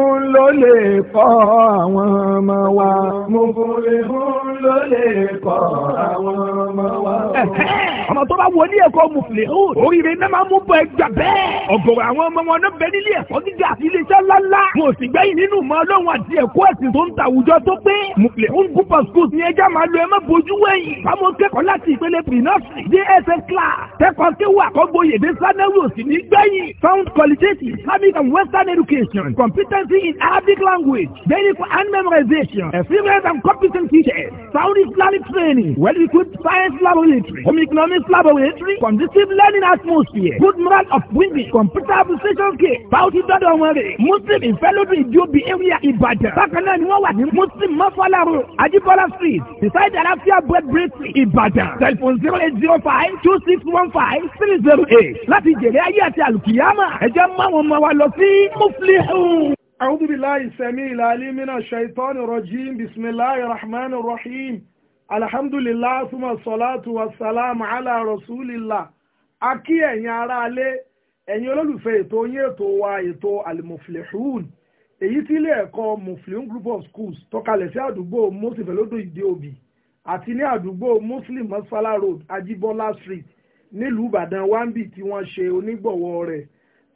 fún ló lè kọ́ àwọn ọmọ wa. mufulihun ló lè kọ́ àwọn ọmọ wa. ọmọ tó bá wọ ní ẹ̀kọ́ mufulihun oríire náà máa mú bọ ẹgbà bẹ́ẹ̀. ọ̀gọ̀rọ̀ àwọn ọmọ wọn náà bẹ nílé ẹ̀kọ́ gíga àti iléeṣẹ́ ńláńlá. mo sì gbẹ́yìn nínú ìmọ̀ ọlọ́run àti ẹ̀kọ́ ẹ̀sìn tó ń ta àwùjọ tó pé. mufulihun group of schools ni ẹja máa lo ẹ má bojú wẹ̀yìn. bámu kẹ́kọ̀ọ́ láti ìpele western education competent in Arabic language, basic and memorization, experienced and competent teachers, sound Islamic training, well-equipped science laboratory, home economics laboratory, conducive learning atmosphere, good moral of women, computer application kit, bounty dọ́dọ̀ wọn rè, Muslim ìfẹ́lódù ìjọbi area Ìbàdàn. Bákan náà ni wọ́n wà ní Muslim Mọ́fọ́lárò, Ajíbọ́lá street, beside Alafia bread bakery Ìbàdàn. Telephone zero eight zero five two six one five three zero eight. Láti jèrè ayé àti àlùkìyàmà, ẹ wa lọ sí أعوذ بالله السميع العليم من الشيطان الرجيم بسم الله الرحمن الرحيم الحمد لله ثم الصلاة والسلام على رسول الله a kí ẹ̀yin aráalé ẹ̀yin olólùfẹ́ ètò yín ètò المفلحون ètò alimuflihun èyí tí ilé ẹ̀kọ́ muflihun group of schools tọ́kalẹ̀ sí àdúgbò muslim velodo ìdíòbí àti ní àdúgbò muslim masfala road ajibola street nílùú ìbàdàn wambi tí wọ́n ṣe onígbọ̀wọ́ rẹ̀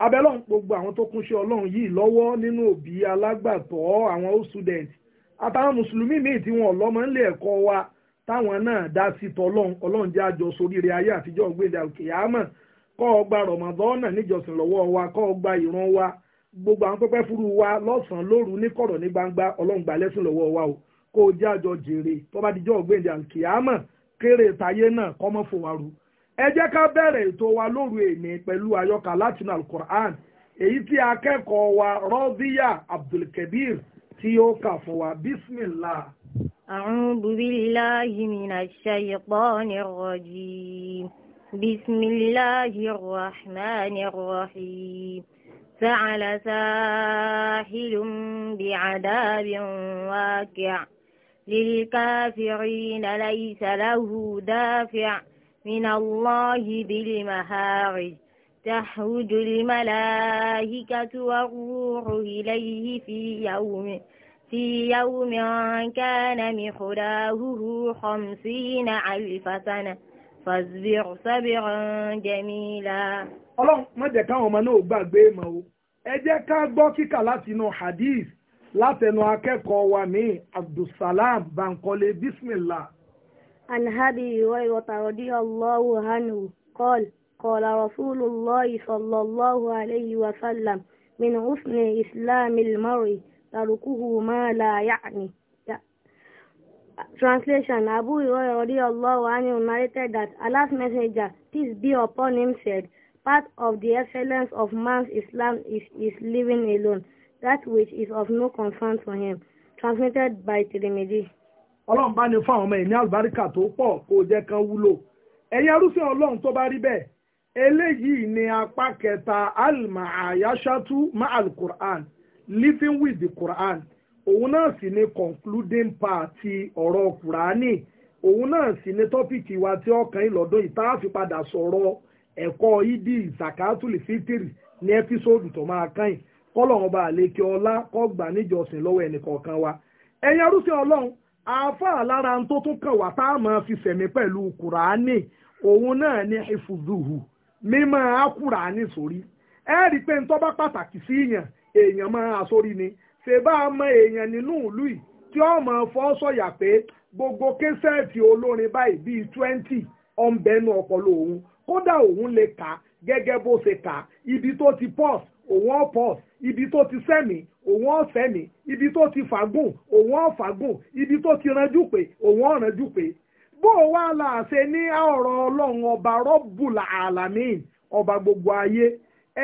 abẹ́lọ́n gbogbo àwọn tó kúnṣe ọlọ́run yìí lọ́wọ́ nínú òbí alágbàtọ́ àwọn old student àtàwọn mùsùlùmí míì tí wọn ọlọ́mọ ń lé ẹ̀kọ́ wa táwọn náà dá sí tọ́lọ́run ọlọ́run jẹ́ àjọ sóríire ayé àtijọ́ gbéra òkè àmọ́ kọ́ ọ gba rọ̀mọ́dọ́nà níjọsìn lọ́wọ́ wa kọ́ ọ gba ìran wa gbogbo àwọn pẹ́pẹ́ fúru wa lọ́sàn-án lóru ní kọ̀rọ̀ ní gbangba ọlọ́run gbà lẹ́sìn lọ́wọ́ wa o kó o jẹ́ àjọ jèrè tó bá ẹ jẹ́ ká bẹ̀rẹ̀ ètò wa lóru èmi pẹ̀lú àyọkà látinú alukur'an èyí tí akẹ́kọ̀ọ́ wa rọ́díyà abdulkabir tí ó kà fún wa bismillah. a'udhu billahi minash shaytanir rajim bismillahir rahmanir rahim. سعل ساحل بعذاب واقع للكافرين ليس له دافع من الله بالمهارج تحوج الملائكة والروح إليه في يوم في يوم كان مقداره خمسين ألف سنة فاصبر صبرا جميلا ọlọ́run má jẹ́ káwọn ọmọ náà gbàgbé mọ́ o ẹ jẹ́ ká gbọ́ kíkà láti inú hadith látẹnu akẹ́kọ̀ọ́ wa ní abdulsalam bankole bismillah. عن أبي هريرة رضي الله عنه قال قال رسول الله صلى الله عليه وسلم من حسن إسلام المرء تركه ما لا يعني Translation Abu Hurairah radiallahu anhu narrated that Allah's messenger, peace be upon him, said, Part of the excellence of man's Islam is, is living alone, that which is of no concern to him. Transmitted by Tirmidhi. ọlọ́run bá ní fún àwọn ọmọ ẹ̀ àlùbáríkà tó pọ̀ kó jẹ́ wúlò ẹ̀yin arúfẹ́ ọlọ́run tó bá ni apá kẹta almaayashatu ma'al quran living with the quran òun náà sì ni concluding part ti ọ̀rọ̀ kùránì òun náà sì ni tọ́pìkì wa tí ọkàn ìlọ́dún ìtaàfi sọ̀rọ̀ ẹ̀kọ́ ní tó máa kàn wa ẹ̀yin arúfẹ́ afa lára tó tún kàn wá tá a máa fi sẹ̀mí pẹ̀lú kùránì òun náà ní ìfùzùhù mímọ́ á sórí ẹ rí i pé ntọ́ pàtàkì sí èèyàn èèyàn máa àsórí ni ṣe bá a mọ èèyàn nínú ìlú yìí tí ó máa fọ́ gbogbo késẹ́ẹ̀tì olórin báyìí bíi twenty ọ̀nbẹ́nu ọpọlọ òun kódà òun lè kà gẹ́gẹ́ bó ṣe ibi tó ti pọ́s òun ọ̀pọ̀ ibi tó ti sẹ́mi òun ọ̀sẹ́mi ibi tó ti fàgùn òun ọ̀fàgùn ibi tó ti ranjú pé òun ọ̀ranjú pé bó o wá la ṣe ní ọ̀rọ̀ ọlọ́run ọba rọ́bùlà àlàmì ọba gbogbo ayé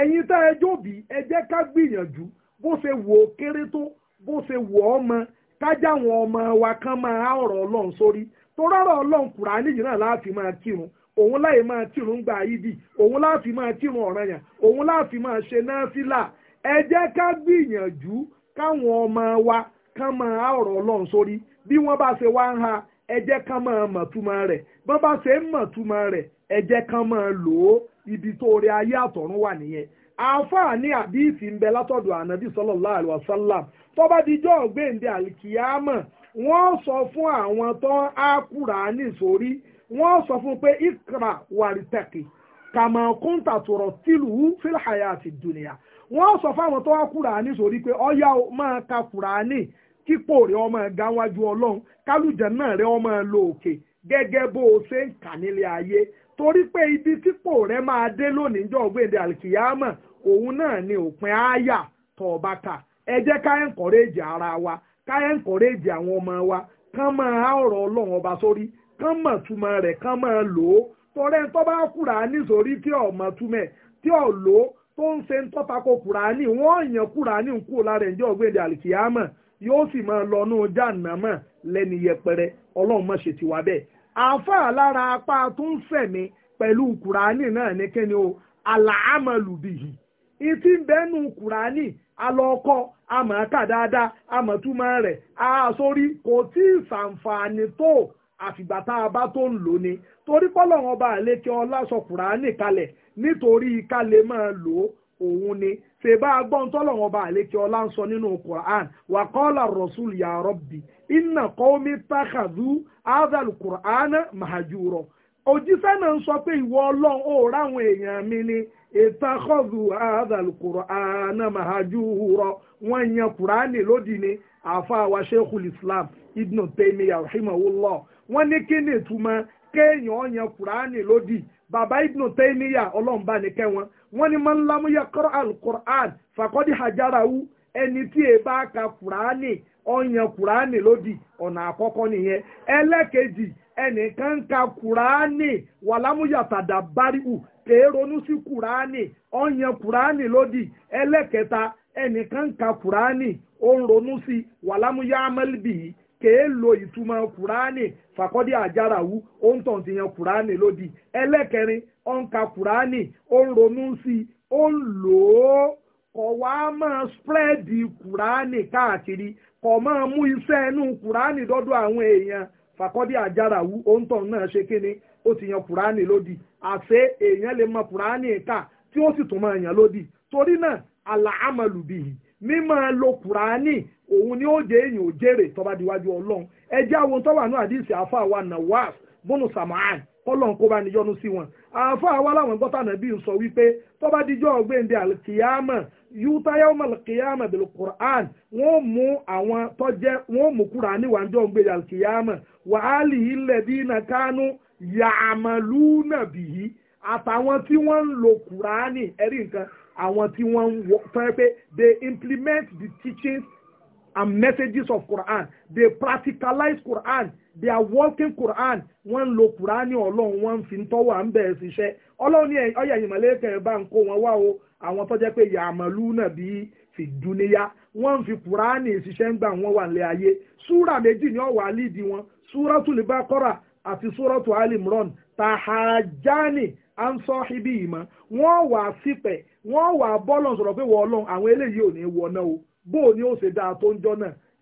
ẹ̀yin tá ẹ jóbi ẹ jẹ́ ká gbìyànjú bó ṣe wò ó kéré tó bó ṣe wò ó mọ kájáwọn ọmọ wa kan máa ọ̀rọ̀ ọlọ́run sórí torọ́rọ̀ ọlọ́run kùránì yìí láàfin máa kírun òun láì máa tìrún gba ìdí òun láàfin máa tìrún ọ̀ranyàn òun láàfin máa ṣe náfìlà ẹ jẹ́ ká gbìyànjú káwọn ọmọ wa kán máa ọ̀rọ̀ ọlọ́run sórí bí wọ́n bá ṣe wá ń ha ẹ jẹ́ kán máa mọ̀túmọ̀ rẹ̀ bọ́n bá ṣe ń mọ̀túmọ̀ rẹ̀ ẹ jẹ́ kán máa lò ó ibi tó rí ayé àtọ̀run wà nìyẹn àáfàá ní àdíìsì ń bẹ látọ̀dọ̀ ànábì sallallahu alaihi wasallam tó bá dijọ́ ọ̀gbẹ́ǹde àlìkìyámọ̀ wọ́n sọ fún un pé ikra waritaki kàmá kúńtà tòrọ̀ tìlù fílhàyà àti dùnìyà wọ́n sọ fáwọn tó wá kúránì sórí pé ọ̀yá máa ka ní kípò rẹ̀ ọmọ ẹ̀gá wájú ọlọ́run kálùjẹ̀ náà rẹ ọmọ ẹ lọ òkè gẹ́gẹ́ bó o ṣe ń kà nílé ayé torí pé ibi kípò rẹ̀ máa dé lónìí jọ gbèdé àlìkìyámà òun náà ni òpin àyà tó ọba kà ẹ jẹ́ ká encourage ara wa ká encourage àwọn ọmọ wa kán máa há ọ̀rọ̀ ọlọ́run ọba sórí kán mọ̀ túmọ̀ rẹ̀ kán máa lò ó tọ́rẹ́ tó bá kúrà nítorí tí ò mọ̀ túmẹ̀ tí ò lò ó tó ń ṣe ń tọ́ta ko kùránì wọ́n yàn kùránì ń kú lára ẹ̀jẹ̀ ọ̀gbẹ́dẹ̀ àlìkìyàmọ̀ yóò sì máa lọ ní ọjà nàmọ̀ lẹ́ni yẹpẹrẹ ọlọ́run má ṣe tiwa bẹ́ẹ̀. àáfàá lára apá tó ń fẹ̀mí pẹ̀lú kùránì náà ní kíni o àlàámọ̀lùbìyì ìtì bẹ́nu kùránì alọ́kọ́ àfìgbà tá a bá tó ń lò ní torí pọ́lọ́wọ́n bá àlékè ọlá sọ Kùránì kalẹ̀ nítorí ká lè máa lò ó òun ni ṣe bá gbọ́n tọ́lọ́wọ́n bá àlékè ọlá ń sọ nínú Quran wà kọ́lá rasul ya rabbi inna qawmi takhazu azal Quran mahajuro òjíṣẹ́ náà ń sọ pé ìwọ ọlọ́run ó ráwọn èèyàn mi ni ìtakọ́zù azal Quran mahajuro wọ́n yan Quran lódì ni àfa wa sheikhul Islam ibn Taymiyyah rahimahullah wọ́n ní kí ni ìtumọ̀ kéèyàn ọ̀yàn kùránì lódì bàbá ibnu tẹ́níyà ọlọ́mbà ní kẹwọn wọ́n ní máa ń lámúyẹ kọ́rọ̀ alukur'an fàkọ́dí hajarawu ẹni tí e bá ka kùránì ọ̀yàn kùránì lódì ọ̀nà àkọ́kọ́ nìyẹn ẹlẹ́kejì ẹnìkan ka kùránì wàlámúyà tàdà báríwù kèé ronú sí kùránì ọ̀yàn kùránì lódì ka kèé lo ìtumọ̀ kùránì fàkọ́dé àjàràwú ó ń tàn ti yan kùránì lódì ẹlẹ́kẹrin ó ń ka kùránì ó ń ronú sí i ó ń lò ó kọ̀ wá máa spreadi kùránì káàkiri kọ̀ máa mú iṣẹ́ inú kùránì dọ́dọ̀ àwọn èèyàn fàkọ́dé àjàràwú ó ń tàn náà ṣe kíni ó ti yan kùránì lódì àṣé èèyàn lè mọ kùránì kà tí ó sì tún máa yàn lódì torí náà àlàámọ̀lùbí yìí mímọ̀ lo kùránì òun ni ó jẹ́ èyàn ò jèrè tọ́ba diwájú ọlọ́run ẹjẹ́ àwọn tọ́wà náà àdìsí àáfàá wa Nawaf bónú sàmáàn kọ́lọ́n kó bá ní yọnu sí wọn àáfàá wa láwọn gbọ́tà nàbí sọ wípé tọ́ba dijọ́ ọ̀gbẹ́ndé alkiyama yuta yawma alkiyama bil Qur'an wọ́n mú àwọn tọ́jẹ́ wọ́n mú kùránì wà níjọ́ ọ̀gbẹ́ndé alkiyama wàhálì ilẹ̀ dínà kánú yàmàlú nàbìyí àtàwọn tí wọ́n ń lo kùránì ẹ̀rí nǹkan àwọn tí wọ́n ń wọ fẹ́ pé they implement the teachings and messages of Quran they practicalize Quran they are working Quran wọ́n ń lo Quran ọlọ́run wọ́n ń fi tọ́wọ́ à ń bẹ̀rẹ̀ ṣiṣẹ́ ọlọ́run ní ọyà ìmọ̀lẹ́kẹ̀ bá ń kó wọn wá o àwọn tó jẹ́ pé yàmàlú náà bí fi dúníyá wọ́n ń fi kùránì ìṣiṣẹ́ ń gbà wọ́n wà nílé ayé súrà méjì ni ọ̀wà lídìí wọn súrọ́tù lè bá kọ́ra àti súrọ́tù alimron tahajani à ń sọ ibi ìmọ̀ wọ́n wà sípẹ̀ wọ́n wà bọ́ọ̀lù sọ̀rọ̀ pé wọ́n ọlọ́run àwọn eléyìí ò ní wọ náà o bó o ní ó ṣe dáa tó ń jọ náà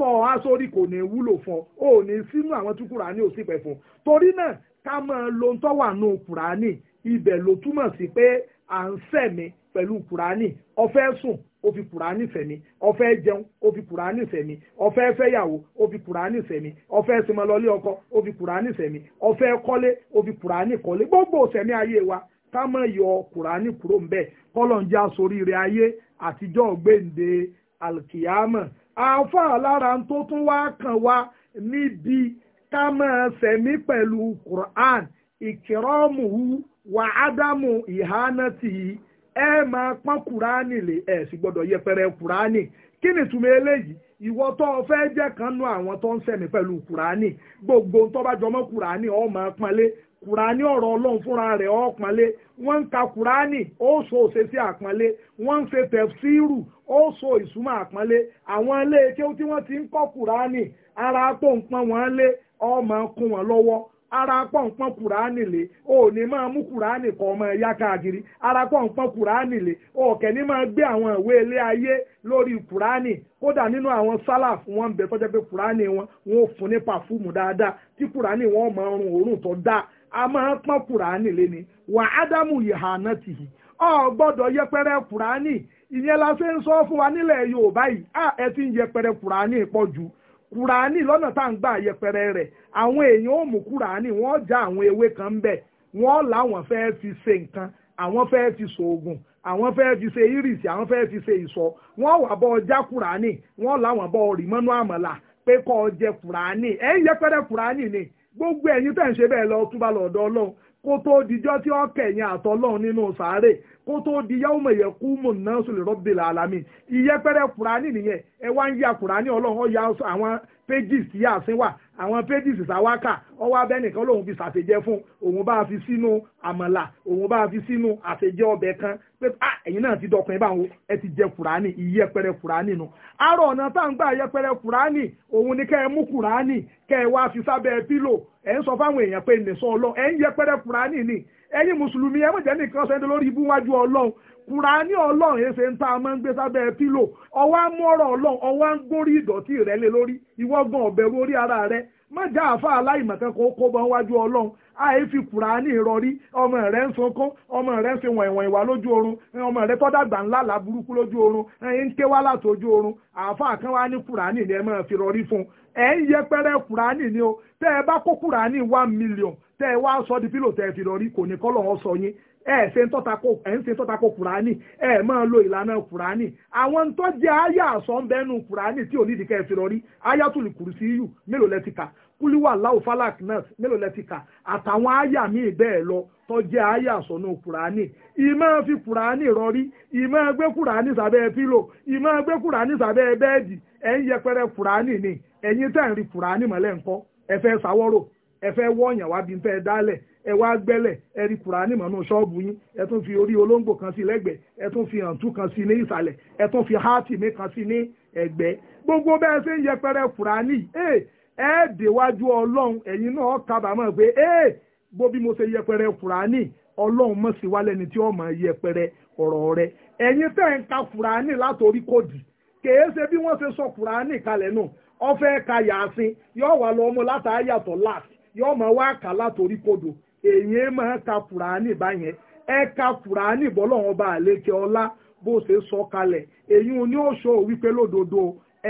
tọ́ ọ á sórí kò ní wúlò fún ọ ò ní sínú àwọn tí kùránì ò sì pẹ̀ fún torí náà ká máa lo ń tọ́wà nù kùránì ibẹ̀ ló túmọ̀ sí pé à ń sẹ̀mí pẹ̀lú kùránì ó fẹ́ sùn ó fi kùránì sẹ̀mí ó fẹ́ jẹun ó fi kùránì sẹ̀mí ó fẹ́ fẹ́yàwó ó fi kùránì sẹ̀mí ó fẹ́ ọkọ ó fi kùránì sẹ̀mí ó kọ́lé ó fi kùránì kọ́lé gbogbo sẹ̀mí ayé wa ká má yọ kùránì kúrò ń bẹ̀ kọ́lọ̀ ń rẹ̀ ayé àtijọ́ gbèǹde alkiyama àáfàá lára tó tún wá kàn wá níbi ká máa sẹ̀mí pẹ̀lú Quran ìkìrọ́mù wà ádámù ìhánátì ẹ máa pọ́n Kùránì lè ẹ̀ sì gbọ́dọ̀ yẹpẹrẹ Kùránì kí ni túmọ̀ eléyìí ìwọ tó o fẹ́ jẹ́ kan nú àwọn tó ń sẹ̀mí pẹ̀lú Kùránì gbogbo tó bá jọmọ́ Kùránì ó máa pọ́nlé kùránì ọ̀rọ̀ ọlọ́run fúnra rẹ̀ ọ̀pọ̀nlé wọ́n ń ka kùránì ó so òṣèṣe àpọ̀nlé wọ́n ń ṣe tẹ̀fsíìrù ó so ìsúnmọ́ àpọ̀nlé àwọn ilé ẹ̀kẹ́ tí wọ́n ti ń kọ́ kùránì ara tó ń pọ́n wọn lé ọmọ kún wọn lọ́wọ́ ara pọ̀ ń pọ́n kùránì lé o ò ní máa mú kùránì kọ́ ọmọ ẹ̀yà káàkiri ara pọ̀ kùránì lé o ò máa gbé àwọn ìwé ilé ayé lórí kùránì kódà nínú àwọn sálàf wọn ń bẹ tọ́jọ́ pé kùránì wọn wọn ò fún ní pàfúùmù dáadáa tí kùránì wọn máa rùn òórùn tó dáa a máa pọ́n kùránì lé wà ádámù ìhànà tìhì ọ gbọ́dọ̀ yẹpẹrẹ kùránì ìyẹn la ṣe ń sọ fún wa nílẹ̀ yorùbá yìí à ẹ ti ń yẹpẹrẹ kùránì pọ̀ jù kùránì lọ́nà tá à ń gbà yẹpẹrẹ rẹ̀ àwọn èèyàn ò mú kùránì wọ́n já àwọn ewé kan ń bẹ̀ wọ́n láwọn fẹ́ fi ṣe nǹkan àwọn fẹ́ fi ṣoògùn àwọn fẹ́ fi ṣe iris àwọn fẹ́ fi ṣe ìsọ wọ́n wà bọ́ ọjà kùránì wọ́n láwọn bọ́ ọ̀rì mọ́nú àmàlà pé kọ́ ọ kùránì ẹ̀ ń yẹpẹrẹ kùránì ni gbogbo ẹ̀yin tẹ̀ ń ṣe bẹ́ẹ̀ lọ túbà lọ́dọ̀ ọlọ́run kó tó dijọ́ tí ó kẹ̀yìn àtọ́lọ́run nínú sàárè kó tó di yawma yaqumu nnasu li rabbil alamin ìyẹ́pẹ̀rẹ̀ kùránì nìyẹn ẹ wá ń ya kùránì ọlọ́run ọ̀ya àwọn pages tí yà sí wà àwọn pages sàwákà ọwọ́ abẹ́nìkan lòun fi ṣàṣejẹ fún òun bá fi sínú àmàlà òun bá fi sínú àṣejẹ ọbẹ̀ kan pé ah ẹ̀yin náà ti dọkùn ẹ báwo ẹ ti jẹ kùránì ìyẹ́pẹ̀rẹ̀ kùránì nu àárọ̀ ọ̀nà tá ń gbà yẹpẹ̀rẹ̀ kùránì òun ni kẹ́ ẹ mú kùránì kẹ́ ẹ wá fi sábẹ́ pílò ẹ̀ ń sọ fáwọn èèyàn pé nìṣọ́ ọlọ́ ẹ̀ ń yẹpẹ̀rẹ̀ kùránì ni ẹ̀yin mùsùlùmí ẹ mọ̀jẹ́ nìkan sẹ́ni lórí ibú wájú ọlọ́run kùránì ọlọ́run èsè ń tá a máa ń gbé sábẹ́ pílò ọwọ́ á mú ọ̀rọ̀ ọlọ́run ọwọ́ á ń gbórí ìdọ̀tí rẹ lé lórí ìwọ́gbọ̀n ọ̀bẹ̀rù orí ara rẹ mọ̀jẹ́ àáfàá aláìmọ̀kan kò kó bọ́ wájú ọlọ́run àì fi kùránì rọrí ọmọ rẹ̀ ń sunkún ọmọ rẹ̀ ń ṣe wọ̀nyìnwọ̀n ìwà lójú oorun ọmọ rẹ̀ tọ́dàgbà ńlá là burúkú lójú oorun ẹ̀yìn ń ké wá látòjú oorun àáfàá kan wá ní kùránì ni ẹ máa fi rọrí fún un ẹ̀ ń yẹpẹrẹ kùránì ni o tẹ́ ẹ bá kó kùránì one million tẹ́ ẹ wá sọ di pílò tẹ́ ẹ fi rọrí kò ní kọ́ lọ́wọ́ sọ yín ẹ ṣe ń tọ́ta kó kùránì ẹ máa lo ìlànà kùránì àwọn tó jẹ́ àyà àsọ̀ńbẹ́nu kùránì tí ò nídìí kẹ́ ẹ fi rọrí àyàtúlù kùrùsí yù mélòó lẹ́tìkà kúlíwà láwù falak náà mélòó lẹ́tì kà àtàwọn àyà míì bẹ́ẹ̀ lọ tó jẹ́ àyà sọ̀nù kùránì ìmọ̀ fi kùránì rọrí ìmọ̀ gbé kùránì sábẹ́ pílò ìmọ̀ gbé kùránì sábẹ́ bẹ́ẹ̀dì ẹ̀ ń yẹpẹrẹ kùránì ni ẹ̀yin tẹ̀ ń rí kùránì mọ́lẹ̀ ńkọ́ ẹ fẹ́ sáwọ́rò ẹ fẹ́ wọ́ọ̀yàn wá bí n fẹ́ dálẹ̀ ẹ wá gbẹ́lẹ̀ ẹ rí kùránì mọ́nú ṣọ́ọ̀bù yín ẹ tún fi orí olóńgbò kan sí lẹ́gbẹ̀ẹ́ ẹ tún fi hàǹtú kan sí ní ìsàlẹ̀ ẹ tún fi háàtì mi kan sí ní ẹ̀gbẹ́ gbogbo bẹ́ẹ̀ ṣe ń yẹpẹrẹ kùránì eh, ẹ déwájú ọlọ́run ẹ̀yin náà kábàámọ̀ pé ẹ bó bí mo ṣe yẹpẹrẹ fúrání ọlọ́run mọ̀ sí wa lẹ́ni tí ó mọ̀ yẹpẹrẹ ọ̀rọ̀ rẹ ẹ̀yin tẹ̀ ń ka fúrání látòrí kòdì kèé ṣe bí wọ́n ṣe sọ fúrání kalẹ̀ náà ọfẹ́ ka yàásín yóò wà lọ ọmọ látàáyàtọ̀ láti yóò mọ̀ wá kà látòrí kòdò èyí máa ka fúrání báyẹn ẹ ka fúrání bọ́lọ́run ọba àlékè ọlá bó ṣe sọ kalẹ̀ èyí ni ó ṣọ lódodo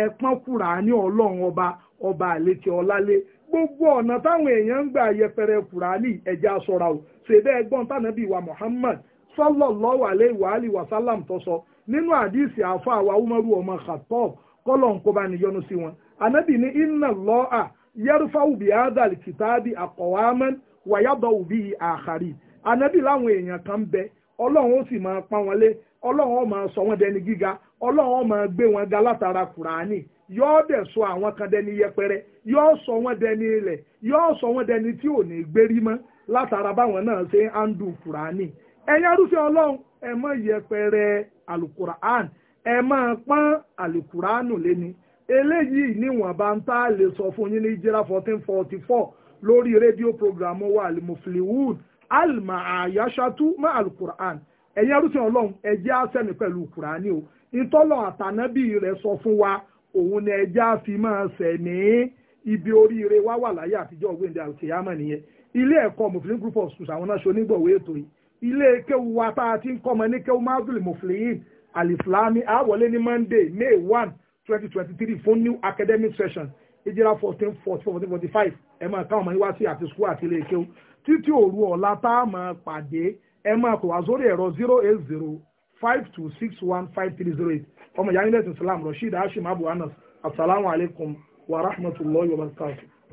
ẹ̀pọ́n fúrání ọlọ́run ọba ọba àlékè ọlálé gbogbo ọ̀nà táwọn èèyàn ń gbà yẹpẹrẹ kùránì ẹ̀já sọ̀ra o ṣèbẹ́ ẹgbọ́n tànàbí wa Muhammad sallallahu alayhi wa alihi wa sallam tó sọ nínú àdìsí àfa àwa umaru ọmọ Khattab kọ́lọ̀ nkóbá níyọnu sí wọn anabi ní inna Allaha yarfa'u bi hadhal kitabi aqwaman wa yada'u bihi akharin anabi láwọn èèyàn kan bẹ ọlọ́run ó sì máa pa wọn lé ọlọ́run ó máa sọ wọn dẹni gíga ọlọ́run ó máa gbé wọn ga látara kùránì yọọ dẹ̀ sọ àwọn kan dẹni yẹpẹrẹ yọọ sọ wọn dẹni ilẹ yọọ sọ wọn dẹni tí ò ní gbérí mọ́ látara báwọn náà ṣe ń handù kùránì ẹ̀yin arúfẹ́ ọlọ́run ẹ má yẹpẹrẹ alukur'an ẹ máa pọ́n alukur'anu lẹ́ni eléyìí níwọ̀nba ń tá a lè sọ fún yín ní jẹ́ra fourteen forty four lórí rédíò programu wa alimufliwood alma ayashatu ma alukur'an ẹ̀yin arúfẹ́ ọlọ́run ẹ jẹ́ àṣẹ́mi pẹ̀lú kùránì o ìtọ́lọ̀ àtànábì rẹ̀ sọ fún wa òun ni ẹja fi máa sẹ̀mí ibi oríire wá wà láyé àtijọ́ ògbéǹde àlùkìyámà nìyẹn ilé ẹ̀kọ́ Muslim group of schools àwọn náà ṣonígbọ̀wé ètò yìí ilé kéwu wa tá a ti ń kọ́ ọmọ ní kéwu mazul muflihin aliflami àwọlé ní Monday May one twenty twenty three fún new academic session ìjìlá fourteen forty four forty five ẹ máa káwọn ọmọ yín wá sí àti school àti ilé kéwu títí òru ọ̀la tá a máa pàdé ẹ máa kọ̀ wá sórí ẹ̀rọ zero eight zero five two six one five three zero eight ọmọ ìyá nílẹ̀ Islam Rasheed Hashim Abu Anas assalamu wa rahmatullahi wa barakatuh.